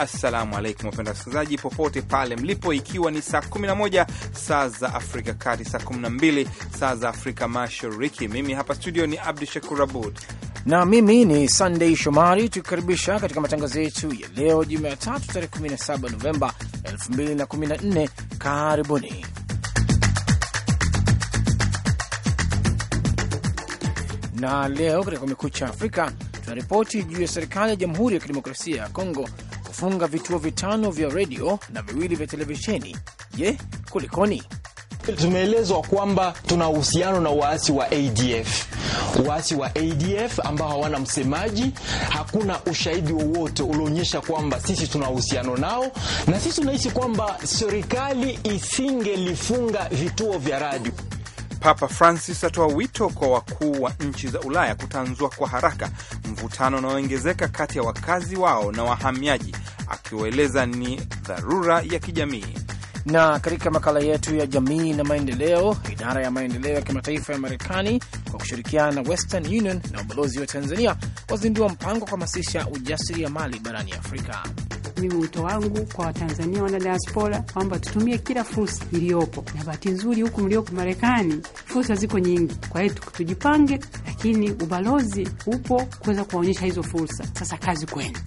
Assalamu alaikum wapenda wasikilizaji popote pale mlipo, ikiwa ni saa 11 saa za Afrika Kati, saa 12 saa za Afrika Mashariki. Mimi hapa studio ni Abdu Shakur Abud na mimi ni Sunday Shomari, tukikaribisha katika matangazo yetu ya leo Jumatatu tarehe 17 Novemba 2014. Karibuni na leo katika Kumekucha Afrika tunaripoti juu ya serikali ya Jamhuri ya Kidemokrasia ya Kongo kufunga vituo vitano vya redio na viwili vya televisheni. Je, kulikoni? Tumeelezwa kwamba tuna uhusiano na waasi wa ADF, waasi wa ADF ambao hawana msemaji. Hakuna ushahidi wowote ulioonyesha kwamba sisi tuna uhusiano nao, na sisi tunahisi kwamba serikali isingelifunga vituo vya radio. Papa Francis atoa wito kwa wakuu wa nchi za Ulaya kutanzua kwa haraka mvutano unaoongezeka kati ya wakazi wao na wahamiaji akiwaeleza ni dharura ya kijamii. Na katika makala yetu ya jamii na maendeleo, idara ya maendeleo ya kimataifa ya Marekani kwa kushirikiana na Western Union na ubalozi wa Tanzania wazindua mpango wa kuhamasisha mali barani Afrika. Mimi wito wangu kwa Watanzania wana diaspora kwamba tutumie kila fursa iliyopo, na bahati nzuri huku mlioko Marekani fursa ziko nyingi. Kwa hiyo tujipange, lakini ubalozi upo kuweza kuwaonyesha hizo fursa. Sasa kazi kwenu.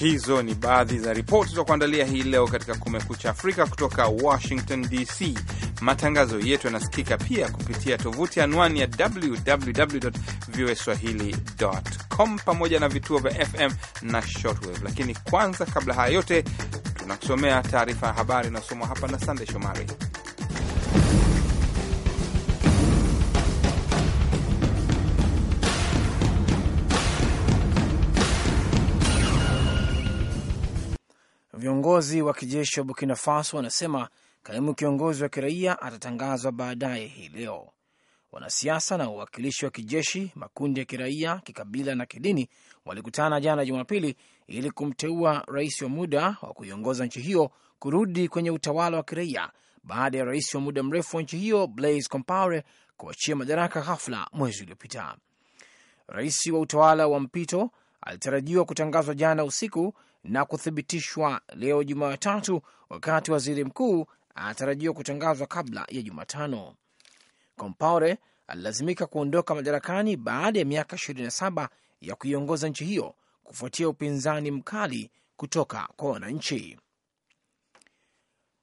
Hizo ni baadhi za ripoti za kuandalia hii leo katika Kumekucha Afrika kutoka Washington DC. Matangazo yetu yanasikika pia kupitia tovuti anwani ya www voa swahilicom, pamoja na vituo vya FM na shortwave. Lakini kwanza, kabla haya yote, tunakusomea taarifa ya habari inayosomwa hapa na sandey Shomari. Viongozi wa kijeshi wa Burkina Faso wanasema kaimu kiongozi wa kiraia atatangazwa baadaye hii leo. Wanasiasa na uwakilishi wa kijeshi, makundi ya kiraia, kikabila na kidini walikutana jana Jumapili ili kumteua rais wa muda wa kuiongoza nchi hiyo kurudi kwenye utawala wa kiraia baada ya rais wa muda mrefu wa nchi hiyo Blaise Compaore kuachia madaraka ghafla mwezi uliopita. Rais wa utawala wa mpito alitarajiwa kutangazwa jana usiku na kuthibitishwa leo Jumatatu, wakati waziri mkuu anatarajiwa kutangazwa kabla ya Jumatano. Compaore alilazimika kuondoka madarakani baada ya miaka 27 ya kuiongoza nchi hiyo kufuatia upinzani mkali kutoka kwa wananchi.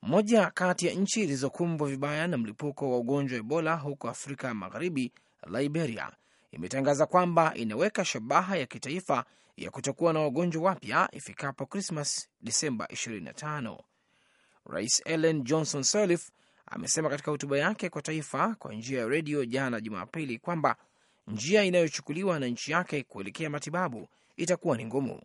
Moja kati ya nchi zilizokumbwa vibaya na mlipuko wa ugonjwa wa Ebola huko Afrika Magharibi, Liberia imetangaza kwamba inaweka shabaha ya kitaifa ya kutokuwa na wagonjwa wapya ifikapo Krismas Disemba 25. Rais Ellen Johnson Sirleaf amesema katika hotuba yake kwa taifa kwa njia ya redio jana Jumapili kwamba njia inayochukuliwa na nchi yake kuelekea matibabu itakuwa ni ngumu.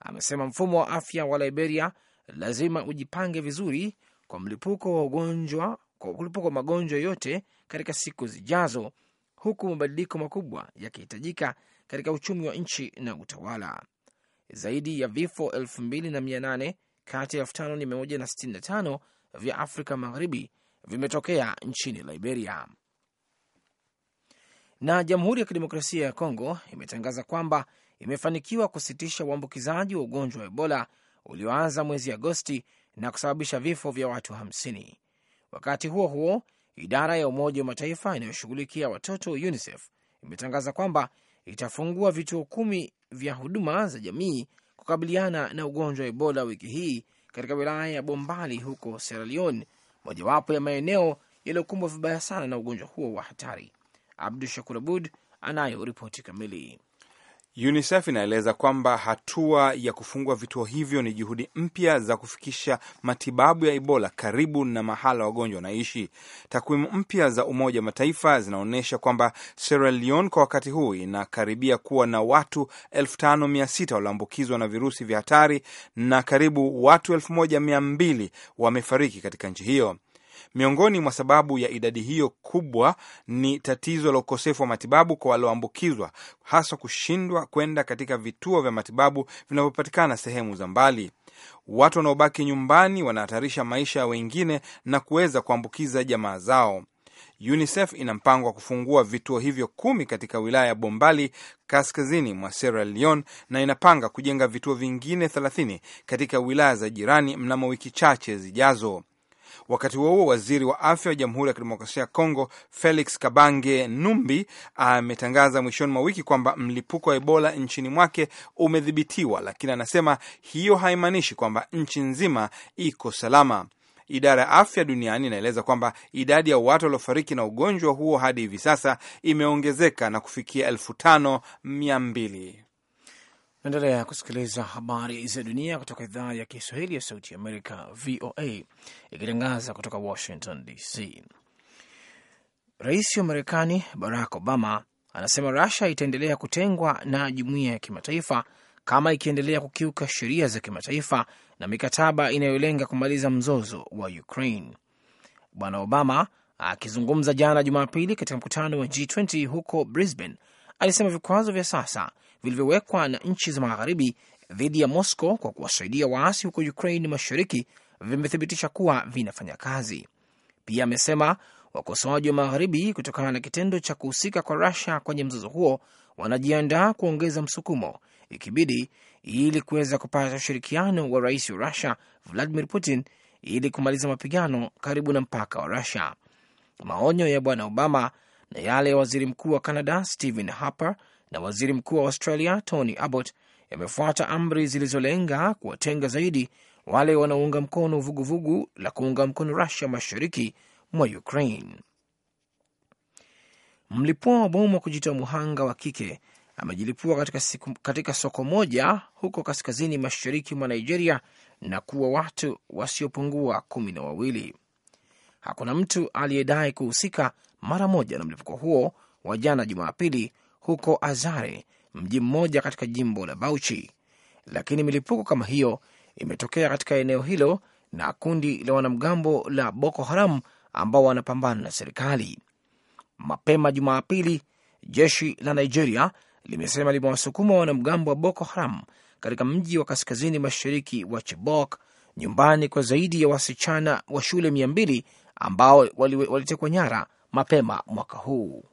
Amesema mfumo wa afya wa Liberia lazima ujipange vizuri kwa mlipuko wa ugonjwa, kwa mlipuko wa magonjwa yote katika siku zijazo, huku mabadiliko makubwa yakihitajika katika uchumi wa nchi na utawala. Zaidi ya vifo 2800 kati ya 5165 vya Afrika Magharibi vimetokea nchini Liberia. Na Jamhuri ya Kidemokrasia ya Kongo imetangaza kwamba imefanikiwa kusitisha uambukizaji wa ugonjwa wa Ebola ulioanza mwezi Agosti na kusababisha vifo vya watu 50. Wakati huo huo, idara ya Umoja wa Mataifa inayoshughulikia watoto UNICEF imetangaza kwamba itafungua vituo kumi vya huduma za jamii kukabiliana na ugonjwa wa Ebola wiki hii katika wilaya ya Bombali huko Sierra Leone, mojawapo ya maeneo yaliyokumbwa vibaya sana na ugonjwa huo wa hatari. Abdu Shakur Abud anayo ripoti kamili. UNICEF inaeleza kwamba hatua ya kufungua vituo hivyo ni juhudi mpya za kufikisha matibabu ya Ebola karibu na mahala wagonjwa wanaishi. Takwimu mpya za Umoja wa Mataifa zinaonyesha kwamba Sierra Leone kwa wakati huu inakaribia kuwa na watu 5600 walioambukizwa na virusi vya hatari na karibu watu 1200 wamefariki katika nchi hiyo. Miongoni mwa sababu ya idadi hiyo kubwa ni tatizo la ukosefu wa matibabu kwa walioambukizwa, haswa kushindwa kwenda katika vituo vya matibabu vinavyopatikana sehemu za mbali. Watu wanaobaki nyumbani wanahatarisha maisha ya wengine na kuweza kuambukiza jamaa zao. UNICEF ina mpango wa kufungua vituo hivyo kumi katika wilaya ya Bombali kaskazini mwa Sierra Leone na inapanga kujenga vituo vingine 30 katika wilaya za jirani mnamo wiki chache zijazo. Wakati huo huo, waziri wa afya wa Jamhuri ya Kidemokrasia ya Kongo Felix Kabange Numbi ametangaza mwishoni mwa wiki kwamba mlipuko wa Ebola nchini mwake umedhibitiwa, lakini anasema hiyo haimaanishi kwamba nchi nzima iko salama. Idara ya afya duniani inaeleza kwamba idadi ya watu waliofariki na ugonjwa huo hadi hivi sasa imeongezeka na kufikia elfu tano mia mbili. Naendelea kusikiliza habari za dunia kutoka idhaa ya Kiswahili ya Sauti ya Amerika, VOA, ikitangaza kutoka Washington DC. Rais wa Marekani Barack Obama anasema Rusia itaendelea kutengwa na jumuiya ya kimataifa kama ikiendelea kukiuka sheria za kimataifa na mikataba inayolenga kumaliza mzozo wa Ukraine. Bwana Obama akizungumza jana Jumapili katika mkutano wa G20 huko Brisbane alisema vikwazo vya sasa vilivyowekwa na nchi za magharibi dhidi ya Moscow kwa kuwasaidia waasi huko Ukraine mashariki vimethibitisha kuwa vinafanya kazi. Pia amesema wakosoaji wa magharibi, kutokana na kitendo cha kuhusika kwa Russia kwenye mzozo huo, wanajiandaa kuongeza msukumo ikibidi, ili kuweza kupata ushirikiano wa rais wa Russia Vladimir Putin ili kumaliza mapigano karibu na mpaka wa Russia. Maonyo ya bwana Obama na yale ya waziri mkuu wa Canada Stephen Harper na waziri mkuu wa Australia Tony Abbott yamefuata amri zilizolenga kuwatenga zaidi wale wanaounga mkono vuguvugu vugu la kuunga mkono Rusia mashariki mwa Ukraine. Mlipua wa bomu wa kujitoa muhanga wa kike amejilipua katika, siku, katika soko moja huko kaskazini mashariki mwa Nigeria na kuwa watu wasiopungua kumi na wawili. Hakuna mtu aliyedai kuhusika mara moja na mlipuko huo wa jana Jumapili huko Azare, mji mmoja katika jimbo la Bauchi, lakini milipuko kama hiyo imetokea katika eneo hilo na kundi la wanamgambo la Boko Haram ambao wanapambana na serikali. Mapema Jumapili, jeshi la Nigeria limesema limewasukuma wanamgambo wa Boko Haram katika mji wa kaskazini mashariki wa Chibok, nyumbani kwa zaidi ya wasichana wa shule mia mbili ambao walitekwa nyara mapema mwaka huu.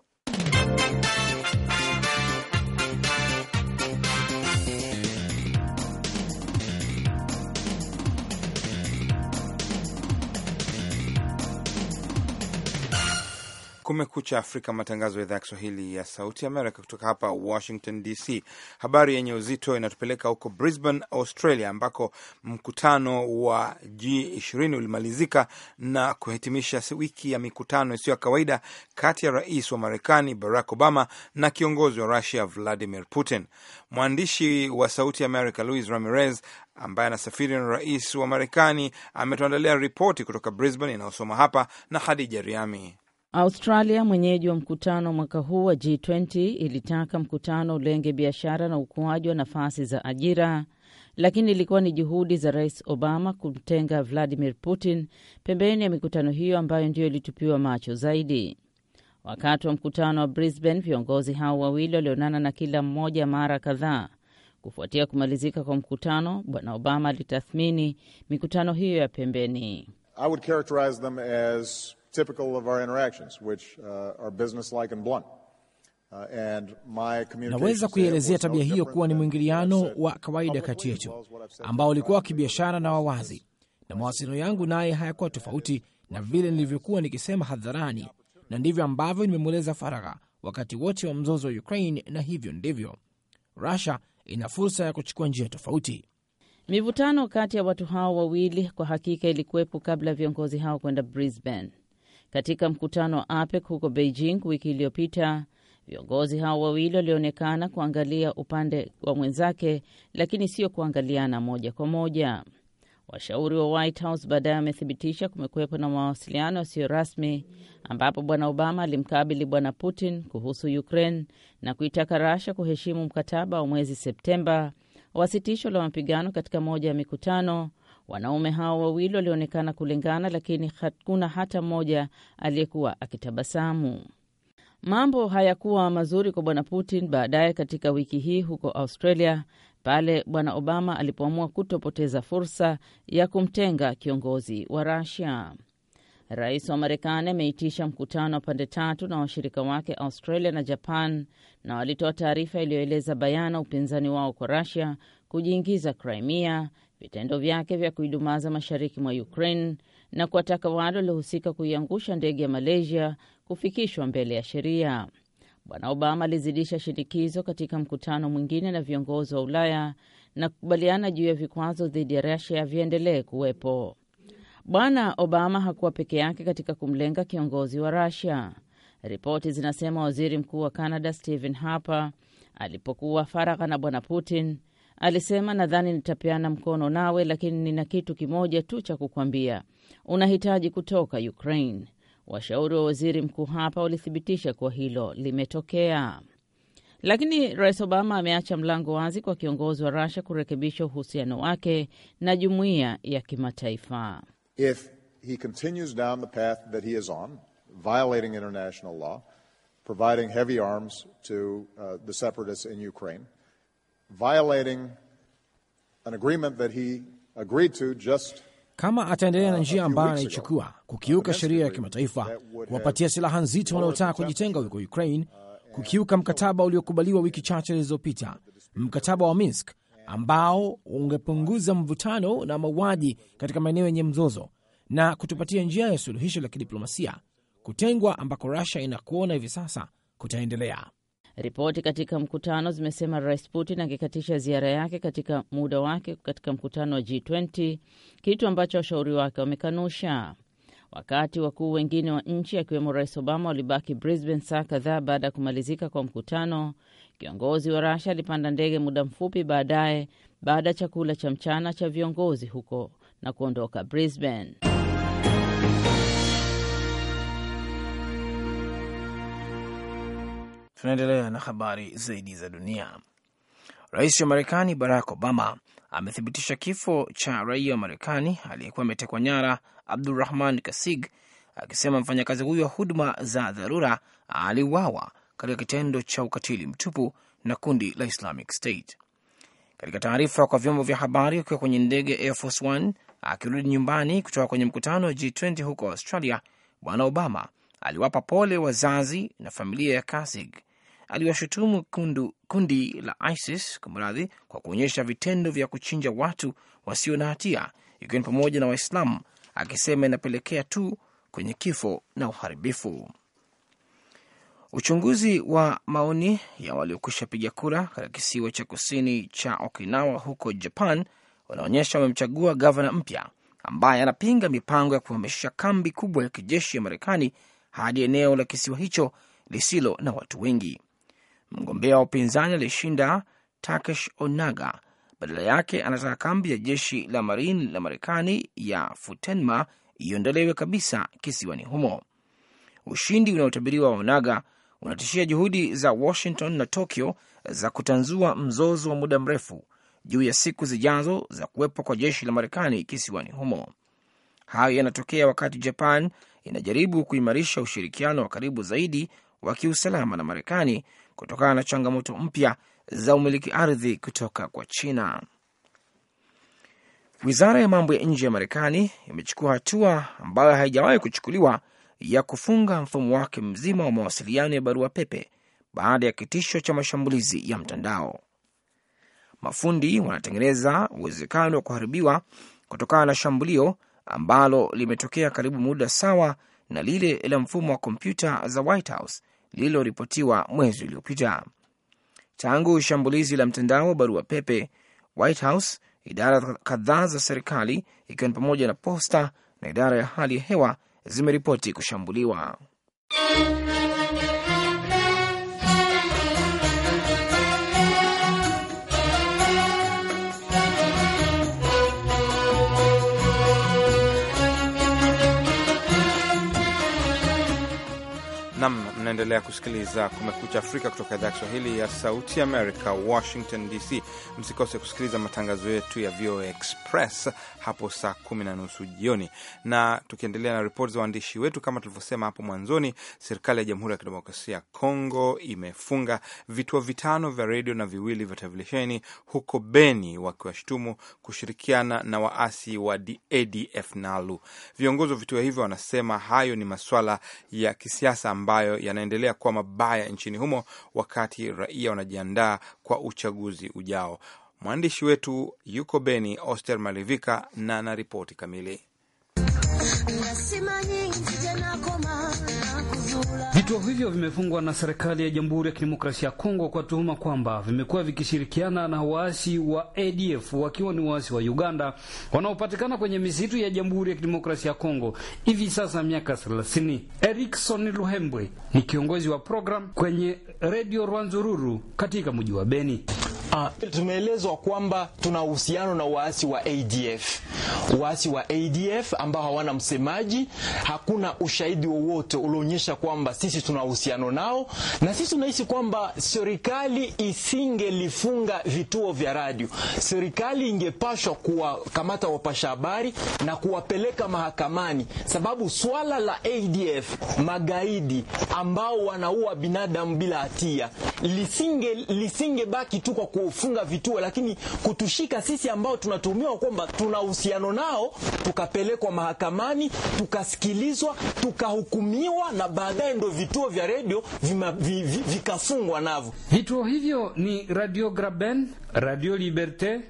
Kumekucha Afrika, matangazo ya idhaa ya Kiswahili ya Sauti Amerika kutoka hapa Washington DC. Habari yenye uzito inatupeleka huko Brisbane, Australia, ambako mkutano wa G20 ulimalizika na kuhitimisha wiki ya mikutano isiyo ya kawaida kati ya rais wa Marekani Barack Obama na kiongozi wa Russia Vladimir Putin. Mwandishi wa Sauti Amerika Luis Ramirez ambaye anasafiri na rais wa Marekani ametuandalia ripoti kutoka Brisbane inayosoma hapa na Hadija Riami. Australia, mwenyeji wa mkutano mwaka huu wa G20, ilitaka mkutano ulenge biashara na ukuaji wa nafasi za ajira, lakini ilikuwa ni juhudi za Rais Obama kumtenga Vladimir Putin pembeni ya mikutano hiyo ambayo ndiyo ilitupiwa macho zaidi. Wakati wa mkutano wa Brisbane, viongozi hao wawili walionana na kila mmoja mara kadhaa. Kufuatia kumalizika kwa mkutano, Bwana Obama alitathmini mikutano hiyo ya pembeni. I would characterize them as typical of our interactions, which uh, are businesslike and blunt. Uh, naweza kuielezea tabia hiyo kuwa ni mwingiliano wa kawaida kati yetu ambao ulikuwa wa kibiashara na wawazi, na mawasiliano yangu naye hayakuwa tofauti na vile nilivyokuwa nikisema hadharani, na ndivyo ambavyo nimemweleza faragha wakati wote wa mzozo wa Ukraine, na hivyo ndivyo Russia ina fursa ya kuchukua njia tofauti. Mivutano kati ya watu hao wawili kwa hakika ilikuwepo kabla ya viongozi hao kwenda Brisbane. Katika mkutano wa APEC huko Beijing wiki iliyopita, viongozi hao wawili walionekana kuangalia upande wa mwenzake, lakini sio kuangaliana moja kwa moja. Washauri wa White House baadaye wamethibitisha kumekuwepo na mawasiliano yasiyo rasmi ambapo bwana Obama alimkabili bwana Putin kuhusu Ukraine na kuitaka Rasha kuheshimu mkataba wa mwezi Septemba wa sitisho la mapigano katika moja ya mikutano Wanaume hao wawili walionekana kulingana, lakini hakuna hata mmoja aliyekuwa akitabasamu. Mambo hayakuwa mazuri kwa bwana Putin baadaye katika wiki hii huko Australia pale bwana Obama alipoamua kutopoteza fursa ya kumtenga kiongozi wa Rasia. Rais wa Marekani ameitisha mkutano wa pande tatu na washirika wake Australia na Japan, na walitoa taarifa iliyoeleza bayana upinzani wao kwa Rasia kujiingiza Crimea, vitendo vyake vya kuidumaza mashariki mwa Ukraine na kuwataka wale waliohusika kuiangusha ndege ya Malaysia kufikishwa mbele ya sheria. Bwana Obama alizidisha shinikizo katika mkutano mwingine na viongozi wa Ulaya na kukubaliana juu ya vikwazo dhidi ya rasia viendelee kuwepo. Bwana Obama hakuwa peke yake katika kumlenga kiongozi wa rasia Ripoti zinasema waziri mkuu wa Canada Stephen Harper alipokuwa faragha na Bwana Putin Alisema, nadhani nitapeana mkono nawe, lakini nina kitu kimoja tu cha kukwambia, unahitaji kutoka Ukraine. Washauri wa waziri mkuu hapa walithibitisha kuwa hilo limetokea, lakini rais Obama ameacha mlango wazi kwa kiongozi wa rasha kurekebisha uhusiano wake na jumuiya ya kimataifa. If he continues down the path that he is on, violating international law, providing heavy arms to uh, the separatists in Ukraine violating an agreement that he agreed to just kama ataendelea na uh, njia ambayo anaichukua kukiuka sheria ya kimataifa, kuwapatia silaha nzito wanaotaka kujitenga huko Ukraine, uh, kukiuka mkataba uliokubaliwa wiki chache zilizopita, mkataba wa Minsk ambao ungepunguza mvutano na mauaji katika maeneo yenye mzozo na kutupatia njia ya suluhisho la kidiplomasia, kutengwa ambako Russia inakuona hivi sasa kutaendelea. Ripoti katika mkutano zimesema Rais Putin angekatisha ziara yake katika muda wake katika mkutano wa G20, kitu ambacho washauri wake wamekanusha. Wakati wakuu wengine wa nchi akiwemo Rais Obama walibaki Brisbane saa kadhaa baada ya kumalizika kwa mkutano, kiongozi wa Rasha alipanda ndege muda mfupi baadaye baada ya chakula cha mchana cha viongozi huko na kuondoka Brisbane. Tunaendelea na habari zaidi za dunia. Rais wa Marekani Barack Obama amethibitisha kifo cha raia wa Marekani aliyekuwa ametekwa nyara Abdurahman Kasig, akisema mfanyakazi huyo wa huduma za dharura aliuawa katika kitendo cha ukatili mtupu na kundi la Islamic State. Katika taarifa kwa vyombo vya habari akiwa kwenye ndege ya Air Force One akirudi nyumbani kutoka kwenye mkutano wa G20 huko Australia, Bwana Obama aliwapa pole wazazi na familia ya Kasig aliwashutumu kundi la ISIS kumradhi, kwa kuonyesha vitendo vya kuchinja watu wasio na hatia, ikiwa ni pamoja na Waislamu, akisema inapelekea tu kwenye kifo na uharibifu. Uchunguzi wa maoni ya waliokwisha piga kura katika kisiwa cha kusini cha Okinawa huko Japan unaonyesha wamemchagua gavana mpya ambaye anapinga mipango ya kuhamisha kambi kubwa ya kijeshi ya Marekani hadi eneo la kisiwa hicho lisilo na watu wengi mgombea wa upinzani alishinda Takesh Onaga. Badala yake anataka kambi ya jeshi la Marine la Marekani ya Futenma iondolewe kabisa kisiwani humo. Ushindi unaotabiriwa wa Onaga unatishia juhudi za Washington na Tokyo za kutanzua mzozo wa muda mrefu juu ya siku zijazo za kuwepo kwa jeshi la Marekani kisiwani humo. Hayo yanatokea wakati Japan inajaribu kuimarisha ushirikiano wa karibu zaidi wa kiusalama na Marekani kutokana na changamoto mpya za umiliki ardhi kutoka kwa China. Wizara ya mambo ya nje ya Marekani imechukua hatua ambayo haijawahi kuchukuliwa ya kufunga mfumo wake mzima wa mawasiliano ya barua pepe baada ya kitisho cha mashambulizi ya mtandao. Mafundi wanatengeneza uwezekano wa kuharibiwa kutokana na shambulio ambalo limetokea karibu muda sawa na lile la mfumo wa kompyuta za White House lililoripotiwa mwezi uliopita. Tangu shambulizi la mtandao wa barua pepe, White House, idara kadhaa za serikali ikiwa ni pamoja na posta na idara ya hali ya hewa zimeripoti kushambuliwa. Nam, mnaendelea kusikiliza Kumekucha Afrika kutoka idhaa ya Kiswahili ya Sauti Amerika, Washington DC. Msikose kusikiliza matangazo yetu ya VOA Express hapo saa kumi na nusu jioni. Na tukiendelea na ripoti za waandishi wetu, kama tulivyosema hapo mwanzoni, serikali ya Jamhuri ya Kidemokrasia ya Kongo imefunga vituo vitano vya redio na viwili vya televisheni huko Beni, wakiwashutumu kushirikiana na waasi wa ADF NALU. Viongozi wa vituo hivyo wanasema hayo ni maswala ya kisiasa ambayo yanaendelea kuwa mabaya nchini humo, wakati raia wanajiandaa kwa uchaguzi ujao. Mwandishi wetu yuko Beni, Oster Malivika, na na ripoti kamili Vituo hivyo vimefungwa na serikali ya Jamhuri ya Kidemokrasia ya Kongo kwa tuhuma kwamba vimekuwa vikishirikiana na waasi wa ADF wakiwa ni waasi wa Uganda wanaopatikana kwenye misitu ya Jamhuri ya Kidemokrasia ya Kongo hivi sasa miaka 30. Erickson Luhembwe ni kiongozi wa program kwenye Radio Rwanzururu katika mji wa Beni. Ah. tumeelezwa kwamba tuna uhusiano na waasi wa ADF, waasi wa ADF ambao hawana msemaji. Hakuna ushahidi wowote ulionyesha kwamba sisi tuna uhusiano nao, na sisi tunahisi kwamba serikali isingelifunga vituo vya radio. Serikali ingepashwa kuwakamata wapasha habari na kuwapeleka mahakamani, sababu swala la ADF, magaidi ambao wanaua binadamu bila hatia, lisingebaki lisinge tu kwa kufunga vituo, lakini kutushika sisi ambao tunatumiwa kwamba tuna uhusiano nao, tukapelekwa mahakamani, tukasikilizwa, tukahukumiwa na baadaye ndo vituo vya redio vi, vikafungwa navyo. Vituo hivyo ni Radio Graben, Radio Liberte,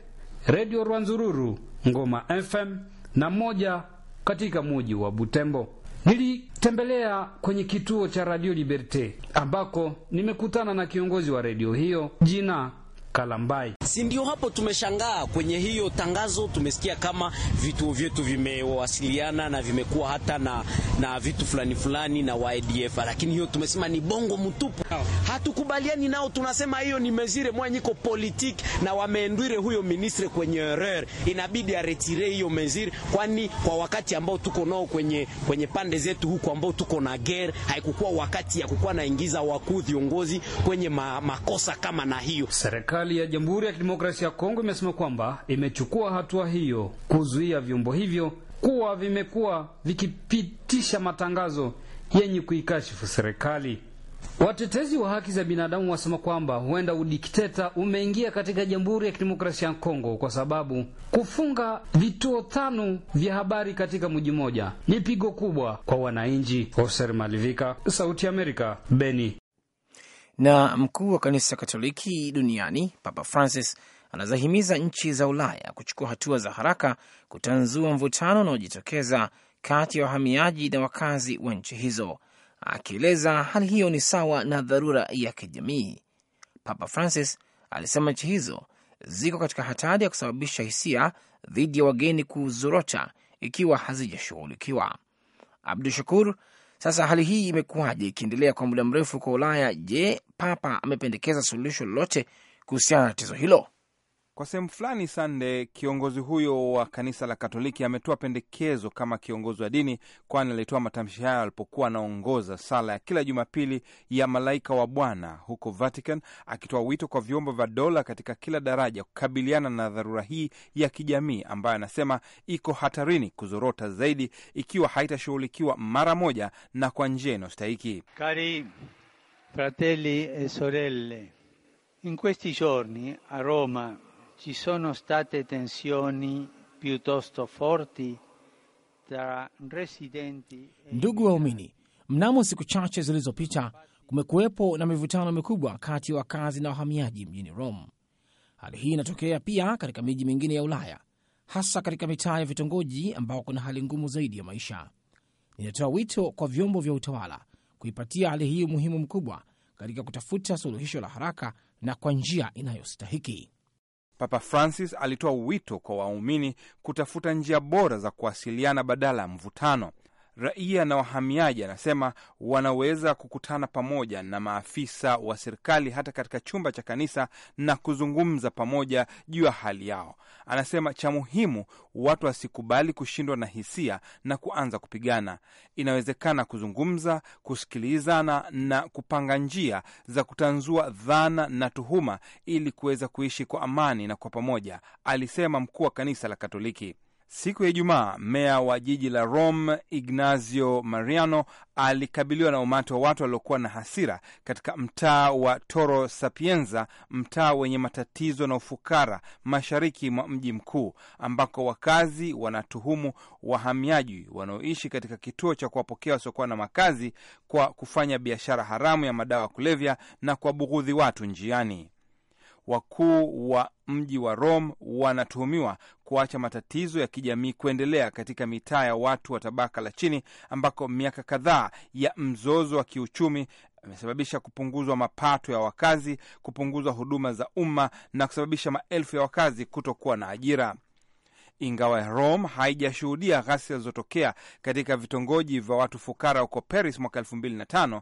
Radio Rwanzururu, Ngoma FM na moja katika muji wa Butembo. Nilitembelea kwenye kituo cha Radio Liberte ambako nimekutana na kiongozi wa redio hiyo jina Kalambai. Si ndio hapo tumeshangaa kwenye hiyo tangazo, tumesikia kama vituo vyetu vimewasiliana na vimekuwa hata na, na vitu fulani fulani na wa ADF, lakini hiyo tumesema ni bongo mtupu hatukubaliani nao, tunasema hiyo ni mezire mwanyiko politiki, na wameendwire huyo ministre kwenye erreur, inabidi aretire hiyo mezire, kwani kwa wakati ambao tuko nao kwenye, kwenye pande zetu huko ambao tuko na gere, haikukuwa wakati ya kukuwa naingiza wakuu viongozi kwenye ma, makosa kama na hiyo. Serikali ya Jamhuri ya Kidemokrasia ya Kongo imesema kwamba imechukua hatua hiyo kuzuia vyombo hivyo kuwa vimekuwa vikipitisha matangazo yenye kuikashifu serikali. Watetezi wa haki za binadamu wasema kwamba huenda udikteta umeingia katika Jamhuri ya Kidemokrasia ya Kongo kwa sababu kufunga vituo tano vya habari katika mji mmoja ni pigo kubwa kwa wananchi. Hoser Malivika, Sauti Amerika, Beni. Na mkuu wa kanisa Katoliki duniani Papa Francis anazahimiza nchi za Ulaya kuchukua hatua za haraka kutanzua mvutano unaojitokeza kati ya wahamiaji na wakazi wa nchi hizo akieleza hali hiyo ni sawa na dharura ya kijamii. Papa Francis alisema nchi hizo ziko katika hatari ya kusababisha hisia dhidi ya wageni kuzorota ikiwa hazijashughulikiwa. Abdu Shakur, sasa hali hii imekuwaje ikiendelea kwa muda mrefu kwa Ulaya? Je, Papa amependekeza suluhisho lolote kuhusiana na tatizo hilo? Kwa sehemu fulani, Sande, kiongozi huyo wa kanisa la Katoliki ametoa pendekezo kama kiongozi wa dini, kwani alitoa matamshi hayo alipokuwa anaongoza sala ya kila Jumapili ya Malaika wa Bwana huko Vatican, akitoa wito kwa vyombo vya dola katika kila daraja kukabiliana na dharura hii ya kijamii ambayo anasema iko hatarini kuzorota zaidi ikiwa haitashughulikiwa mara moja na kwa njia inayostahiki. kari fratelli e sorelle in questi giorni a Roma ci sono state tensioni piuttosto forti tra residenti. E Ndugu waumini, mnamo siku chache zilizopita kumekuwepo na mivutano mikubwa kati ya wakazi na wahamiaji mjini Rome. Hali hii inatokea pia katika miji mingine ya Ulaya, hasa katika mitaa ya vitongoji ambao kuna hali ngumu zaidi ya maisha. Ninatoa wito kwa vyombo vya utawala kuipatia hali hii umuhimu mkubwa katika kutafuta suluhisho la haraka na kwa njia inayostahiki. Papa Francis alitoa wito kwa waumini kutafuta njia bora za kuwasiliana badala ya mvutano raia na wahamiaji, anasema wanaweza kukutana pamoja na maafisa wa serikali hata katika chumba cha kanisa na kuzungumza pamoja juu ya hali yao. Anasema cha muhimu watu wasikubali kushindwa na hisia na kuanza kupigana. Inawezekana kuzungumza, kusikilizana na kupanga njia za kutanzua dhana na tuhuma ili kuweza kuishi kwa amani na kwa pamoja, alisema mkuu wa kanisa la Katoliki. Siku ya Ijumaa, meya wa jiji la Rome Ignazio Mariano alikabiliwa na umati wa watu waliokuwa na hasira katika mtaa wa Toro Sapienza, mtaa wenye matatizo na ufukara mashariki mwa mji mkuu, ambako wakazi wanatuhumu wahamiaji wanaoishi katika kituo cha kuwapokea wasiokuwa na makazi kwa kufanya biashara haramu ya madawa ya kulevya na kuwabughudhi watu njiani wakuu wa mji wa Rome wanatuhumiwa kuacha matatizo ya kijamii kuendelea katika mitaa ya watu wa tabaka la chini ambako miaka kadhaa ya mzozo wa kiuchumi amesababisha kupunguzwa mapato ya wakazi, kupunguzwa huduma za umma na kusababisha maelfu ya wakazi kutokuwa na ajira. Ingawa Rome haijashuhudia ghasia zilizotokea katika vitongoji vya watu fukara huko Paris mwaka elfu mbili na tano,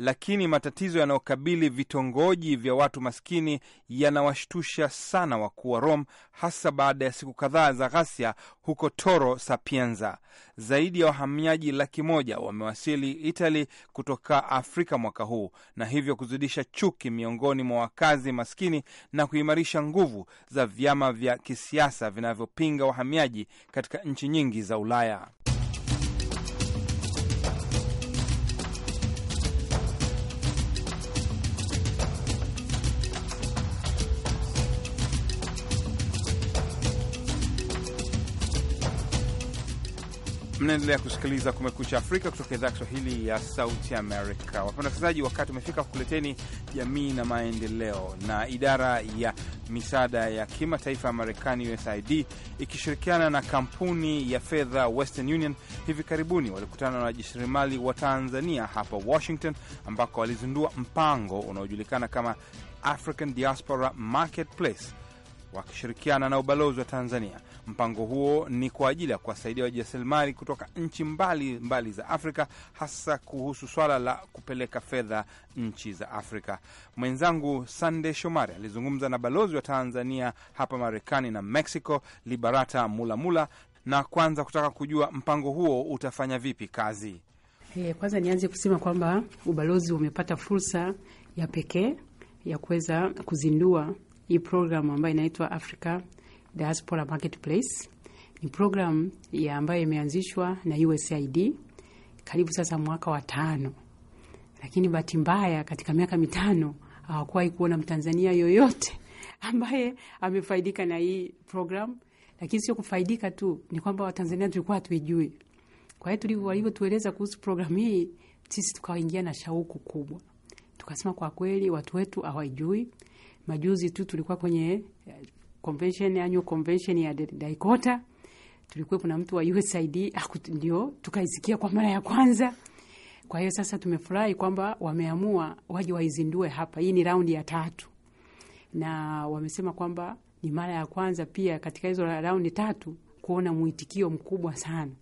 lakini matatizo yanayokabili vitongoji vya watu maskini yanawashtusha sana wakuu wa Rome, hasa baada ya siku kadhaa za ghasia huko Toro Sapienza. Zaidi ya wahamiaji laki moja wamewasili Itali kutoka Afrika mwaka huu, na hivyo kuzidisha chuki miongoni mwa wakazi maskini na kuimarisha nguvu za vyama vya kisiasa vinavyopinga wahamiaji katika nchi nyingi za Ulaya. Mnaendelea kusikiliza Kumekucha Afrika kutoka idhaa ya Kiswahili ya Sauti Amerika. Wapenda wasikilizaji, wakati umefika kukuleteni jamii na maendeleo. Na idara ya misaada ya kimataifa ya Marekani, USAID, ikishirikiana na kampuni ya fedha Western Union hivi karibuni walikutana na wajasiriamali wa Tanzania hapa Washington, ambako walizindua mpango unaojulikana kama African Diaspora Marketplace wakishirikiana na ubalozi wa Tanzania Mpango huo ni kwa ajili ya kuwasaidia wajasiriamali kutoka nchi mbali mbali za Afrika, hasa kuhusu swala la kupeleka fedha nchi za Afrika. Mwenzangu Sande Shomari alizungumza na balozi wa Tanzania hapa Marekani na Mexico, Liberata Mulamula, na kwanza kutaka kujua mpango huo utafanya vipi kazi. Hey, eh, kwanza nianze kusema kwamba ubalozi umepata fursa ya pekee ya kuweza kuzindua hii programu ambayo inaitwa Africa Diaspora Marketplace ni programu ya ambayo imeanzishwa na USAID karibu sasa mwaka wa tano, lakini bahati mbaya katika miaka mitano hawakuwahi kuona Mtanzania yoyote ambaye amefaidika na hii programu. Lakini sio kufaidika tu, ni kwamba Watanzania tulikuwa hatuijui. Kwa hiyo walivyotueleza kuhusu programu hii, sisi tukawaingia na shauku kubwa, tukasema kwa kweli watu wetu hawaijui. Majuzi tu tulikuwa kwenye convention, annual convention ya Daikota tulikuwa na mtu wa USAID ndio tukaisikia kwa mara ya kwanza. Kwa hiyo sasa tumefurahi kwamba wameamua waje waizindue hapa. Hii ni raundi ya tatu, na wamesema kwamba ni mara ya kwanza pia katika hizo raundi tatu kuona mwitikio mkubwa sana.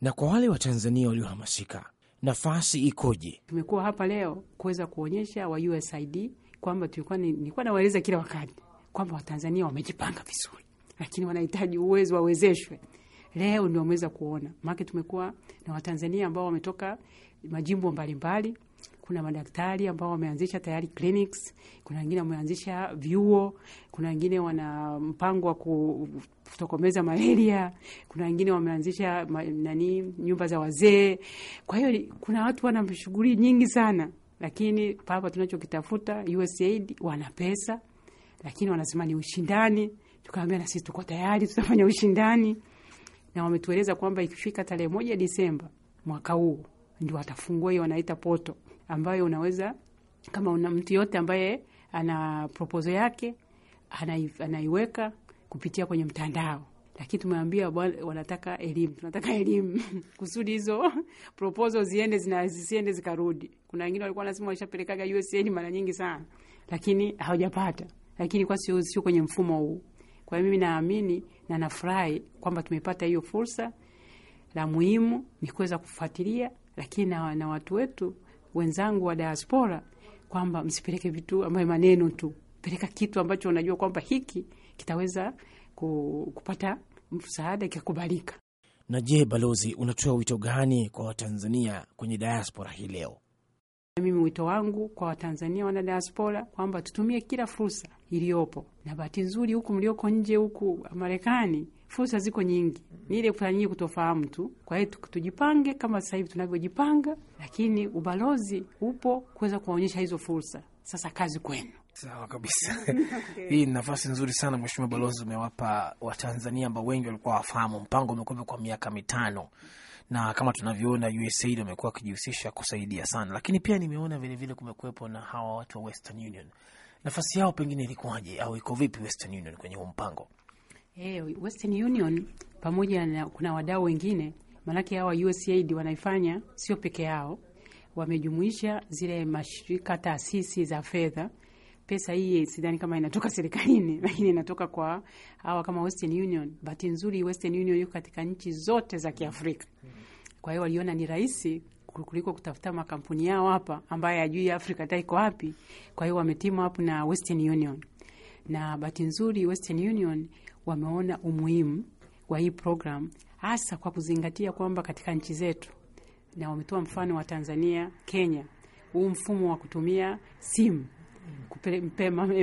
Na kwa wale Watanzania waliohamasika, nafasi ikoje? Tumekuwa hapa leo kuweza kuonyesha wa USAID kwamba tulikuwa, nilikuwa nawaeleza kila wakati kwamba Watanzania wamejipanga vizuri, lakini wanahitaji uwezo wawezeshwe. Leo ndio wameweza kuona, maana tumekuwa na Watanzania ambao wametoka majimbo mbalimbali mbali. Kuna madaktari ambao wameanzisha tayari clinics, kuna wengine wameanzisha vyuo, kuna wengine wana mpango wa kutokomeza malaria, kuna wengine wameanzisha nani, nyumba za wazee. Kwa hiyo kuna watu wana shughuli nyingi sana, lakini papa tunachokitafuta USAID wana pesa lakini wanasema ni ushindani. Tukaambia na sisi tuko tayari, tutafanya ushindani, na wametueleza kwamba ikifika tarehe moja Disemba mwaka huu ndio watafungua hiyo wanaita poto, ambayo unaweza kama una mtu yote ambaye ana proposal yake anai, anaiweka kupitia kwenye mtandao lakini tumeambia wanataka elimu, tunataka elimu kusudi hizo proposal ziende zina zisiende zikarudi. Kuna wengine walikuwa wanasema washapelekaga USAID mara nyingi sana, lakini hawajapata lakini kwa sio sio kwenye mfumo huu. Kwa hiyo mimi naamini na nafurahi kwamba tumepata hiyo fursa. La muhimu ni kuweza kufuatilia, lakini na, na watu wetu wenzangu wa diaspora kwamba msipeleke vitu ambayo maneno tu, peleka kitu ambacho unajua kwamba hiki kitaweza kupata msaada kikakubalika. Na je, balozi, unatoa wito gani kwa Watanzania kwenye diaspora hii leo? Mimi wito wangu kwa Watanzania wana diaspora kwamba tutumie kila fursa iliyopo, na bahati nzuri huku mlioko nje, huku Marekani fursa ziko nyingi, ni ile kufanyia kutofahamu tu. Kwa hiyo tujipange kama sasa hivi tunavyojipanga, lakini ubalozi upo kuweza kuwaonyesha hizo fursa. Sasa kazi kwenu. Sawa kabisa. Okay. Hii ni nafasi nzuri sana Mheshimiwa Balozi, umewapa Watanzania ambao wengi walikuwa wafahamu. Mpango umekuwepo kwa miaka mitano na kama tunavyoona USAID wamekuwa wakijihusisha kusaidia sana, lakini pia nimeona vilevile kumekuwepo na hawa watu wa Western Union. Nafasi yao pengine ilikuwaje au iko vipi Western Union kwenye huu mpango? Hey, eh, Western Union pamoja na kuna wadau wengine, maanake hawa USAID wanaifanya sio peke yao, wamejumuisha zile mashirika, taasisi za fedha pesa hii sidhani kama inatoka serikalini, lakini inatoka kwa hawa kama Western Union. Bahati nzuri Western Union yuko katika nchi zote za Kiafrika, kwa hiyo waliona ni rahisi kuliko kutafuta makampuni yao hapa ambaye ajui Afrika hata iko wapi. Kwa hiyo wametimu hapo na Western Union, na bahati nzuri Western Union wameona umuhimu wa hii program, hasa kwa kuzingatia kwamba katika nchi zetu, na wametoa mfano wa Tanzania, Kenya, huu mfumo wa kutumia simu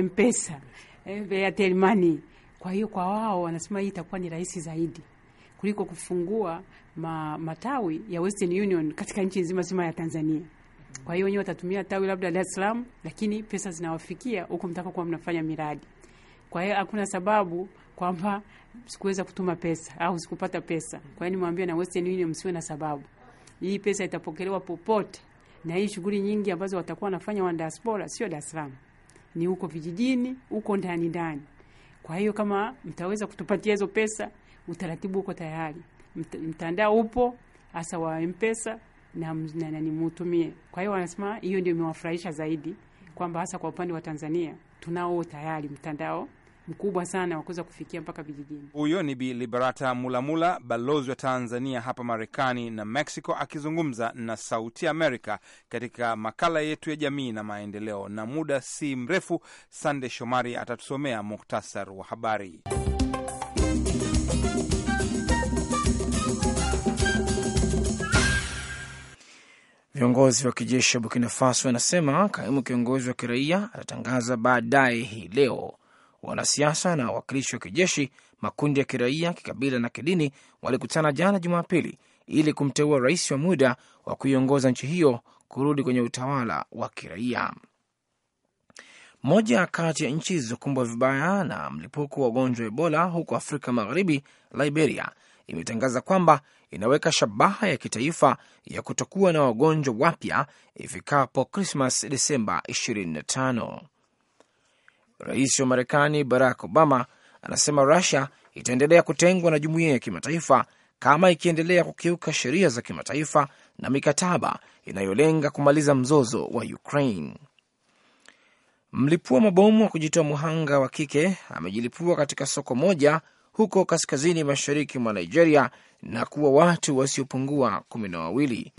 Mpesa, eh, Airtel Money. Kwa hiyo kwa wao wanasema hii itakuwa ni rahisi zaidi kuliko kufungua ma, matawi ya Western Union katika nchi nzima zima ya Tanzania. Kwa hiyo wenyewe watatumia tawi labda Dar es Salaam, lakini pesa zinawafikia huko mtaka kuwa mnafanya miradi. Kwa hiyo hakuna sababu kwamba sikuweza kutuma pesa au sikupata pesa. Kwa hiyo nimwambia na Western Union msiwe na sababu. Hii pesa itapokelewa popote na hii shughuli nyingi ambazo watakuwa wanafanya wa diaspora sio Dar es Salaam, ni huko vijijini, huko ndani ndani. Kwa hiyo kama mtaweza kutupatia hizo pesa, utaratibu uko tayari, mtandao upo hasa wa mpesa pesa na nanimutumie. Kwa hiyo wanasema hiyo ndio imewafurahisha zaidi, kwamba hasa kwa upande wa Tanzania tunao tayari mtandao mkubwa sana wa kuweza kufikia mpaka vijijini. Huyo ni Bi Liberata Mulamula, balozi wa Tanzania hapa Marekani na Mexico, akizungumza na Sauti Amerika katika makala yetu ya jamii na maendeleo. Na muda si mrefu, Sande Shomari atatusomea muktasar wa habari. Viongozi wa kijeshi wa Burkina Faso wanasema kaimu kiongozi wa kiraia atatangaza baadaye hii leo Wanasiasa na wawakilishi wa kijeshi, makundi ya kiraia, kikabila na kidini walikutana jana Jumapili ili kumteua rais wa muda wa kuiongoza nchi hiyo kurudi kwenye utawala wa kiraia. Moja kati ya nchi zilizokumbwa vibaya na mlipuko wa ugonjwa wa Ebola huko Afrika Magharibi, Liberia imetangaza kwamba inaweka shabaha ya kitaifa ya kutokuwa na wagonjwa wapya ifikapo Krismas Desemba Rais wa Marekani Barack Obama anasema Rusia itaendelea kutengwa na jumuiya ya kimataifa kama ikiendelea kukiuka sheria za kimataifa na mikataba inayolenga kumaliza mzozo wa Ukraine. Mlipua mabomu wa kujitoa muhanga wa kike amejilipua katika soko moja huko kaskazini mashariki mwa Nigeria na kuwa watu wasiopungua kumi na wawili.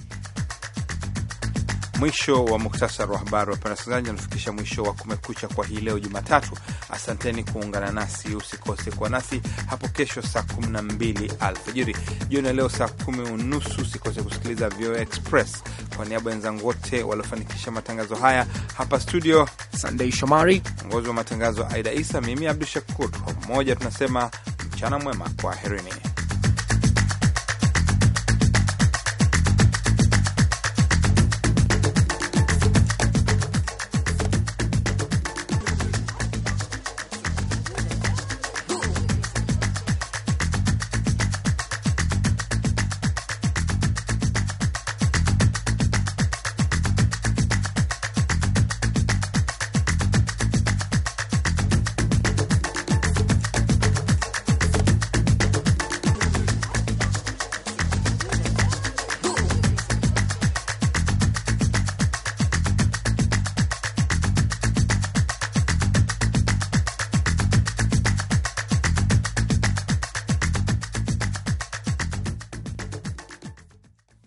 Mwisho wa muktasari wa habari. Wapenda wasikilizaji, anafikisha mwisho wa Kumekucha kwa hii leo Jumatatu. Asanteni kuungana nasi, usikose kuwa nasi hapo kesho saa 12 alfajiri, jioni ya leo saa kumi unusu. Usikose kusikiliza VOA Express. Kwa niaba ya wenzangu wote waliofanikisha matangazo haya hapa studio, Sandei Shomari mwongozi wa matangazo, Aida Isa, mimi Abdu Shakur, kwa pamoja tunasema mchana mwema, kwa herini.